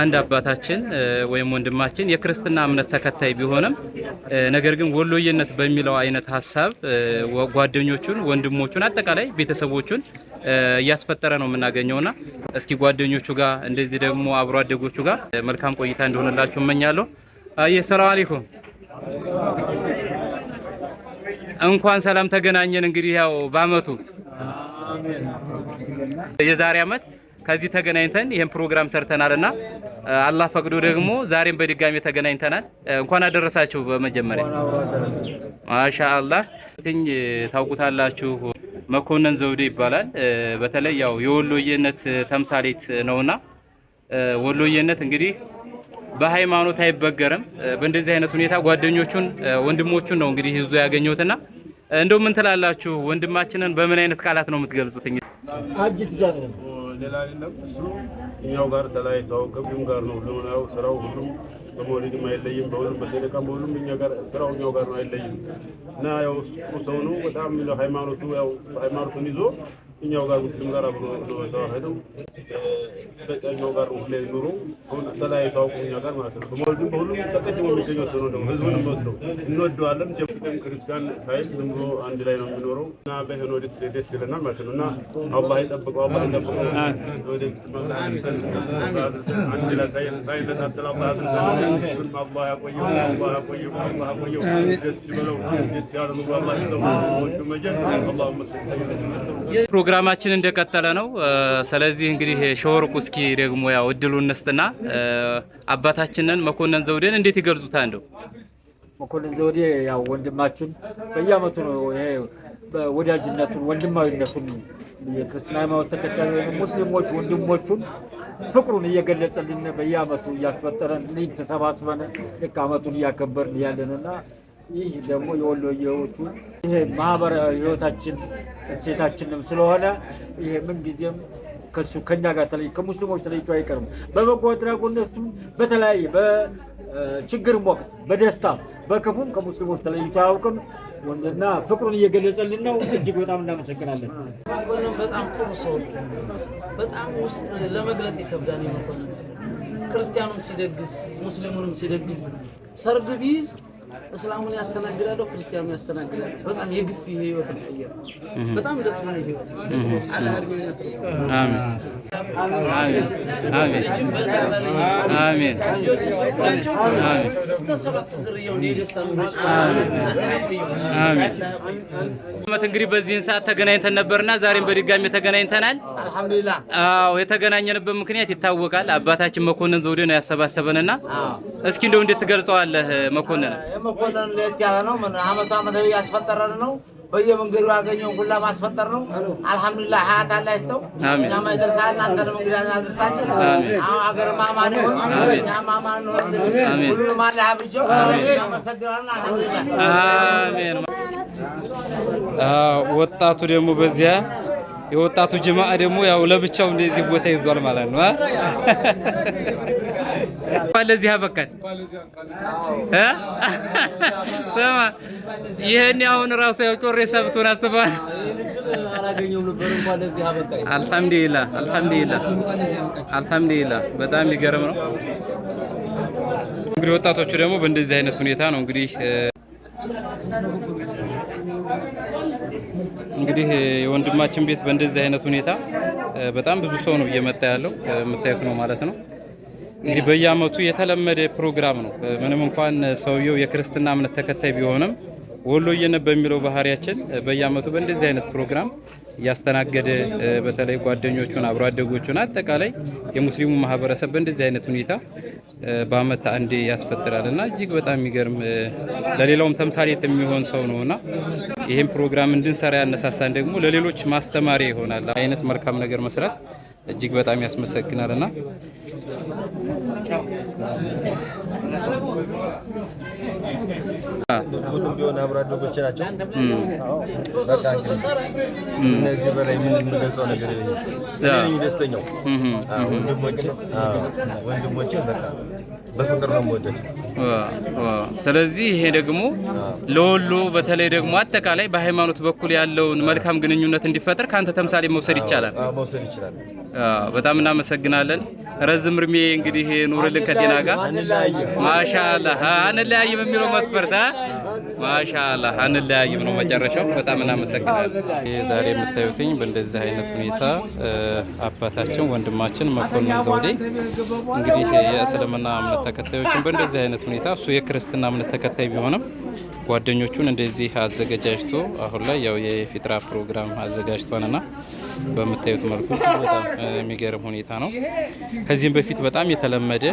አንድ አባታችን ወይም ወንድማችን የክርስትና እምነት ተከታይ ቢሆንም ነገር ግን ወሎዬነት በሚለው አይነት ሀሳብ ጓደኞቹን፣ ወንድሞቹን፣ አጠቃላይ ቤተሰቦቹን እያስፈጠረ ነው የምናገኘውና እስኪ ጓደኞቹ ጋር እንደዚህ ደግሞ አብሮ አደጎቹ ጋር መልካም ቆይታ እንደሆነላችሁ እመኛለሁ። አየ ሰላም አለይኩም እንኳን ሰላም ተገናኘን። እንግዲህ ያው በአመቱ የዛሬ አመት ከዚህ ተገናኝተን ይህን ፕሮግራም ሰርተናል እና አላህ ፈቅዶ ደግሞ ዛሬም በድጋሚ ተገናኝተናል። እንኳን አደረሳችሁ። በመጀመሪያ ማሻ ትኝ ታውቁታላችሁ። መኮንን ዘውዴ ይባላል። በተለይ ያው የወሎዬነት ተምሳሌት ነውና ወሎዬነት እንግዲህ በሃይማኖት አይበገርም። በእንደዚህ አይነት ሁኔታ ጓደኞቹን ወንድሞቹን ነው እንግዲህ ይዞ ያገኘሁትና እንደው ምን ትላላችሁ? ወንድማችንን በምን አይነት ቃላት ነው የምትገልጹት? ሌላ አይደለም። እሱ እኛው ጋር ተለያይተው ከቢም ጋር ነው ሁሉም ነው ስራው። ሁሉም በመውሊድም አይለይም፣ በሁሉም በሰደቃም በሁሉም እኛ ጋር ስራው እኛው ጋር ነው አይለይም። እና ያው ሰው ነው በጣም ሃይማኖቱ ያው ሃይማኖቱን ይዞ እኛው ጋር ውስጥም ጋር አብሮ ተዋህደው በቀኛው ጋር ሙስሊም ኑሮ አሁን ተለያይቶ እኛ ጋር ማለት ነው። በመወልድም በሁሉም ተቀድሞ የሚገኘው ሰው ነው። ህዝቡን እንወስደው እንወደዋለን። ጀምቀም ክርስቲያን ሳይል ዝም ብሎ አንድ ላይ ነው የሚኖረው እና በህን ደስ ይለናል ማለት ነው እና አላህ ይጠብቀው፣ አላህ ይጠብቀው። አንድ ላይ ያቆየው፣ ያቆየው፣ ያቆየው። ደስ ይበለው፣ ደስ ያለ ምግብ ይዘው ፕሮግራማችን እንደቀጠለ ነው። ስለዚህ እንግዲህ ሸወርቁ እስኪ ደግሞ ያው እድሉ እንስጥና አባታችንን መኮንን ዘውዴን እንዴት ይገልጹታል? እንደው መኮንን ዘውዴ ያው ወንድማችን በየአመቱ ነው ይሄ ወዳጅነቱን ወንድማዊነቱን የክርስትና ሃይማኖት ተከታይ ሙስሊሞች ወንድሞቹን ፍቅሩን እየገለጸልን በየአመቱ እያስፈጠረን ተሰባስበን ልክ አመቱን እያከበርን ያለንና ይህ ደግሞ የወሎየዎቹ ይሄ ማህበራዊ ህይወታችን እሴታችንም ስለሆነ ይሄ ምንጊዜም ከሱ ከኛ ጋር ተለይ ከሙስሊሞች ተለይቶ አይቀርም። በበጎ አድራጎነቱ በተለያየ በችግርም ወቅት በደስታ በክፉም ከሙስሊሞች ተለይቶ አያውቅም እና ፍቅሩን እየገለጸልን ነው። እጅግ በጣም እናመሰግናለን። በጣም ጥሩ ሰው በጣም ውስጥ ለመግለጥ ይከብዳል። ክርስቲያኑም ሲደግስ ሙስሊሙንም ሲደግስ ሰርግ ቢይዝ እስላሙን ያስተናግዳል፣ ክርስቲያኑ ያስተናግዳል። በጣም የግፍ ህይወት ቀየረ። በጣም ደስ ነው ህይወት አላህ እንግዲህ በዚህን ሰዓት ተገናኝተን ነበርና ዛሬም በድጋሚ ተገናኝተናል። አዎ የተገናኘንበት ምክንያት ይታወቃል። አባታችን መኮንን ዘውዴ ነው ያሰባሰበንና እስኪ እንደው እንዴት ትገልጸዋለህ መኮንን? መኮንን ለየት ያለ ነው። ምን አመታዊ ያስፈጠረን ነው። በየመንገዱ ያገኘውን ሁላ ማስፈጠር ነው። አልሐምዱሊላህ ሀያት አላህ ይስጠው። እናንተንም እንግዳ አገር ማማን ይሆን፣ ሆን፣ እናመሰግናለን። አልሐምዱሊላህ ወጣቱ ደግሞ በዚያ የወጣቱ ጅማአ ደግሞ ያው ለብቻው እንደዚህ ቦታ ይዟል ማለት ነው። እንኳን ለዚህ አበቃን። ስማ ይህን አሁን ራሱ ያው ጮሬ ሰብቱን አስበሃል። አልሐምዱሊላህ አልሐምዱሊላህ አልሐምዱሊላህ በጣም የሚገርም ነው። እንግዲህ ወጣቶቹ ደግሞ በእንደዚህ አይነት ሁኔታ ነው እንግዲህ እንግዲህ የወንድማችን ቤት በእንደዚህ አይነት ሁኔታ በጣም ብዙ ሰው ነው እየመጣ ያለው የምታዩት ነው ማለት ነው። እንግዲህ በየዓመቱ የተለመደ ፕሮግራም ነው። ምንም እንኳን ሰውየው የክርስትና እምነት ተከታይ ቢሆንም ወሎዬን በሚለው ባህሪያችን በየአመቱ በእንደዚህ አይነት ፕሮግራም እያስተናገደ በተለይ ጓደኞቹን አብሮ አደጎቹን አጠቃላይ የሙስሊሙ ማህበረሰብ በእንደዚህ አይነት ሁኔታ በአመት አንዴ ያስፈጥራል እና እጅግ በጣም የሚገርም ለሌላውም ተምሳሌት የሚሆን ሰው ነው እና ይህም ፕሮግራም እንድንሰራ ያነሳሳን ደግሞ ለሌሎች ማስተማሪያ ይሆናል። አይነት መልካም ነገር መስራት እጅግ በጣም ያስመሰግናል እና ሁሉም ቢሆን አብሮ አደጎች ናቸው። እነዚህ በላይ ምን የምገልጸው ነገር የለኝም። ደስተኛው ወንድሞቼ ወንድሞቼ በቃ በፍቅር ነው የምወደችው። ስለዚህ ይሄ ደግሞ ለወሎ በተለይ ደግሞ አጠቃላይ በሃይማኖት በኩል ያለውን መልካም ግንኙነት እንዲፈጠር ከአንተ ተምሳሌ መውሰድ ይቻላል መውሰድ ይችላል። በጣም እናመሰግናለን። ረዝም እርሜ እንግዲህ ኑርልን ከጤና ጋር ማሻአላህ። አንለያይም የሚለው መስፈርት ማሻአላህ አንለያይም ነው መጨረሻው። በጣም እናመሰግናለን። ዛሬ የምታዩትኝ በእንደዚህ አይነት ሁኔታ አባታችን ወንድማችን መኮንን ዘውዴ እንግዲህ የእስልምና እምነት ተከታዮችን በእንደዚህ አይነት ሁኔታ እሱ የክርስትና እምነት ተከታይ ቢሆንም ጓደኞቹን እንደዚህ አዘገጃጅቶ አሁን ላይ ያው የፊጥራ ፕሮግራም አዘጋጅቷንና በምታዩት መልኩ በጣም የሚገርም ሁኔታ ነው። ከዚህም በፊት በጣም የተለመደ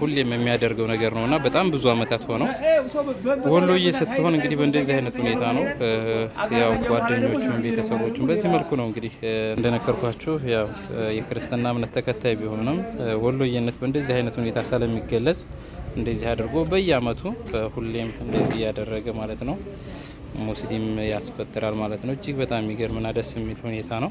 ሁሌም የሚያደርገው ነገር ነው እና በጣም ብዙ አመታት ሆነው ወሎዬ ስትሆን እንግዲህ በእንደዚህ አይነት ሁኔታ ነው ያው ጓደኞቹን ቤተሰቦቹን በዚህ መልኩ ነው እንግዲህ እንደነገርኳችሁ ያው የክርስትና እምነት ተከታይ ቢሆንም ወሎዬነት በእንደዚህ አይነት ሁኔታ ስለሚገለጽ እንደዚህ አድርጎ በየአመቱ ሁሌም እንደዚህ እያደረገ ማለት ነው ሙስሊም ያስፈጥራል ማለት ነው። እጅግ በጣም የሚገርምና ደስ የሚል ሁኔታ ነው።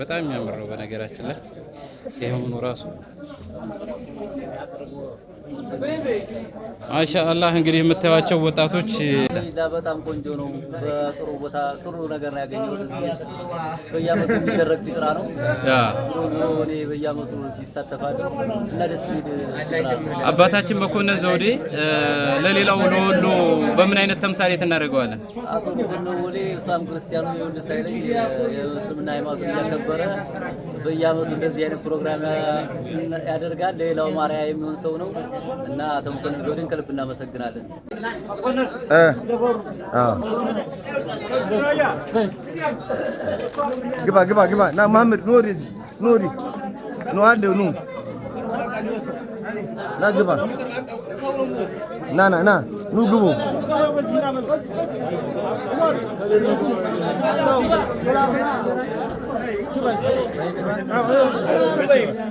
በጣም የሚያምር ነው። በነገራችን ላይ ይሄው ራሱ ማሻአላህ እንግዲህ የምታዩቸው ወጣቶች በጣም ቆንጆ ነው። በጥሩ ቦታ ጥሩ ነገር ነው ያገኘሁት። በየአመቱ የሚደረግ ፊጥራ ነው። ዞሮ ዞሮ እኔ በየአመቱ ይሳተፋል እና ደስ የሚል አባታችን መኮንን ዘውዴ ለሌላው ለወሎ በምን አይነት ተምሳሌት እናደርገዋለን? አቶ መኮንን ወዴ እስላም ክርስቲያኑ የወንድ ሳይለኝ የእስልምና ሃይማኖት እያከበረ በየአመቱ እንደዚህ አይነት ፕሮግራም ያደርጋል። ለሌላው ማርያ የሚሆን ሰው ነው። እና ተመኮንን ዘውዴን ከልብ እናመሰግናለን። ግባ ግባ ግባ ና መሐመድ ኖሪ ኖሪ ኖ አለው ኑ ና ግባ ና ና ና ኑ ግቡ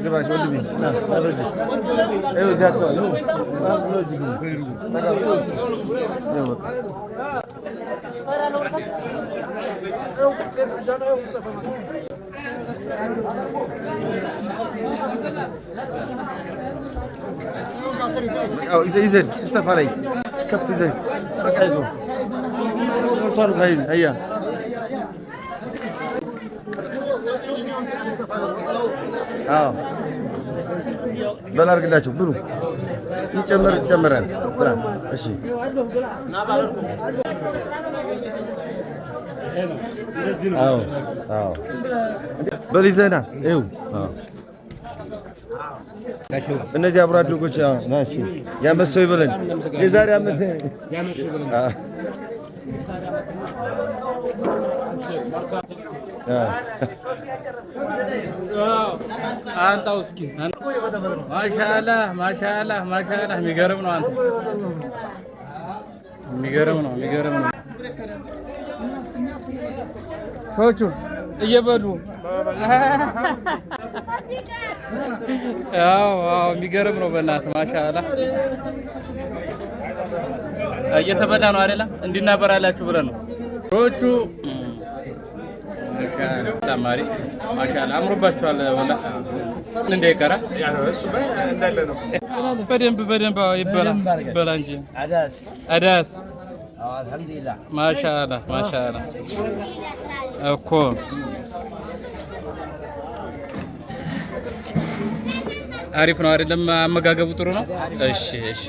Debaixo, onde vim? Não, é Brasil. Eu já estou. Não, não, não. Tá calado. او اذا اذا مصطفى علي كابتن زين ركزوا طارق هيا አዎ በላ አድርግላቸው ብሉ። ይጨመር ይጨመራል። እሺ አዎ አዎ በል ዘና ይኸው እነዚህ አብሮ አደጎች ያመሰው ይበለን የዛሬ ዓመት አንጣው እስኪ ማሻላህ ማሻላህ ማሻአላህ። የሚገርም ነው አንተ፣ የሚገርም ነው የሚገርም ነው። ሰዎቹ እየበሉ የሚገርም ነው በእናትህ ማሻአላህ። እየተበላ ነው አይደለም? እንዲናበራላችሁ ብለን ነው ሰዎቹ ተጨማሪ ማሻአላ አምሮባችኋል። ወላ እንደ ይቀራ በደንብ በደንብ ይበላ ይበላ እንጂ አዳስ ማሻአላ ማሻአላ እኮ አሪፍ ነው አይደለም? አመጋገቡ ጥሩ ነው። እሺ እሺ